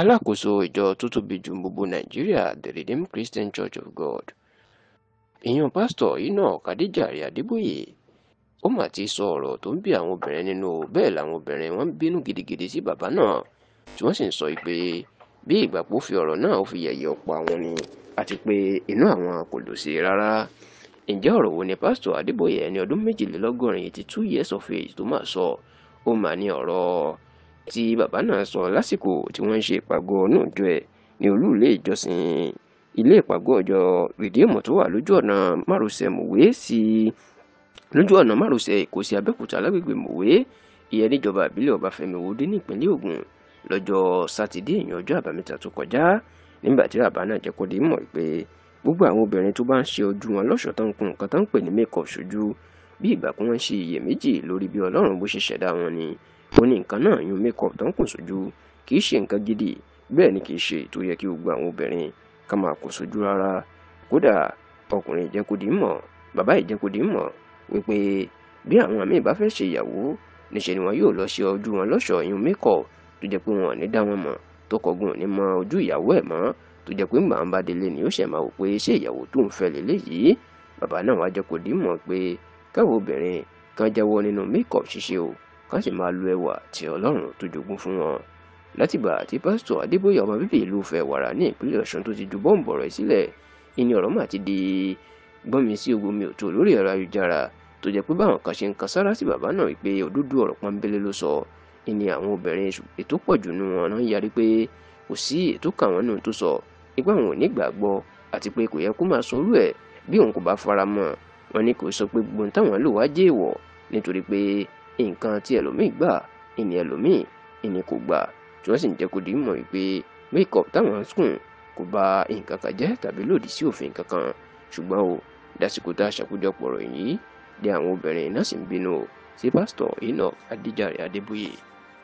alákòóso ìjọ tó tóbi jù gbogbo nàìjíríà the redeemed christian church of god ìyẹn pásítọ̀ enoch adéjàre adébóyè ó mà ti sọ ọ̀rọ̀ tó ń bí àwọn obìnrin nínú bẹ́ẹ̀ làwọn obìnrin wọn ń bínú gidigidi sí bàbá náà tí wọ́n sì ń sọ pé bí ìgbàpọ̀ fi ọ̀rọ̀ náà ó fi yẹ̀yẹ̀ ọ̀pọ̀ àwọn ni àti pé inú àwọn kò lò sí rárá ǹjẹ́ ọ̀rọ̀ wo ni pásítọ̀ adébóyè ẹni ọdún méjìlélọ́gọ́rin eighty two years of age tó máa sọ ó mà ní ọ̀rọ̀ tí bàbá náà sọ lásìkò tí wọ́n ń ṣe ìpàgọ́ náà jọ ẹ̀ ní olú ilé ìjọsìn ilé ìpàgọ́ ọjọ́ rìdíìmù tó wà lójú ọ̀nà márosẹ̀ mòwe sí lójú ọ̀nà márosẹ̀ èkó sí abẹ́òkúta lágbègbè mòwe ìyẹn níjọba ìbílẹ̀ ọbáfẹ́mi òwòdé ní ìpínlẹ̀ ògùn lọ́jọ́ sátidé ìyẹn ọjọ́ àbámẹ́ta tó kọjá nígbà tí bàbá náà jẹ́ kó di mọ̀ pé gbogbo àwọn obìnrin tó bá ń ṣe ojú wọn lọ́ṣọ̀ọ́ tó ń kun nǹkan tó ń pè ní make-up ṣojú bí ìgbà kí wọ́n ṣe iyèméjì lórí bí ọlọ́run bó ṣe ṣẹ̀dá wọn ni ó ní nǹkan náà yún makeup tó ń kùn sójú kì í ṣe nǹkan gidi bẹ́ẹ̀ ni kì í ṣe ètò yẹ kí gbogbo àwọn obìnrin ká máa kùn sójú rárá kódà ọkùnrin ìjẹkùdì mọ̀ bàbá ìjẹkùdì mọ̀ wípé bí àwọn àmì ìbá fẹ́ ṣe ìyàwó níṣẹ́ ni wọn yóò lọ ṣe ojú wọn lọ́ṣọ̀ọ́ yún makeup tó jẹ́ pé wọn ò ní dá wọn mọ̀ tó kọgun ní mọ ojú ìyàwó ẹ̀ mọ́ tó jẹ́ pé gbà ń bá délé ni ó ṣẹ̀ máa wò pé ṣé ìyàwó tó ń fẹ́ lélẹ́yìí bàbá náà wá jẹ́ kó dì mọ̀ pé káwọn obìnrin kan jẹ́wọ́ nínú mékọ̀p ṣíṣe o ká sì máa lo ẹwà tí ọlọ́run tó jogún fún wọn. látìgbà tí pásítọ̀ adébóyè ọmọ bíbí ìlú fẹ̀wàrà ní ìpínlẹ̀ ọ̀ṣun tó ti ju bọ́ǹbù ọ̀rọ̀ sílẹ̀ ìní ọ̀rọ̀ mà ti di gbọ́nmi sí ogun mi ò tó lórí ẹ̀rọ ayélujára tó jẹ́ pé báwọn kan ṣe ń kan sára sí bàbá náà pé òdúdú ọ̀rọ̀ pọ́nbélé ló sọ ìní àwọn obìnrin ètò pọ̀jù nù wọn náà yarí pé kò sí ètò kàwọn nù tó sọ ipá àwọn ò ní gbàgbọ́ àti pé kò yẹ kó máa sọrú ẹ̀ bí òun kò bá fara wọn ni kò sọ pé gbogbo táwọn lò wá jẹ́ ìwọ̀ nítorí pé nǹkan tí ẹlòmíì gbà ìní ẹlòmíì ìní kò gbà tí wọ́n sì ń jẹ́ kó di mọ̀ pé wake up táwọn ń sùn kò bà nǹkan kan jẹ́ tàbí lòdì sí òfin kankan ṣùgbọ́n o dásìkò tá a ṣàkójọpọ̀ ọ̀rọ̀ yìí dé àwọn obìnrin náà sì ń bínú o sí pásítọ̀ Enoch Adéjàre Adébóyè.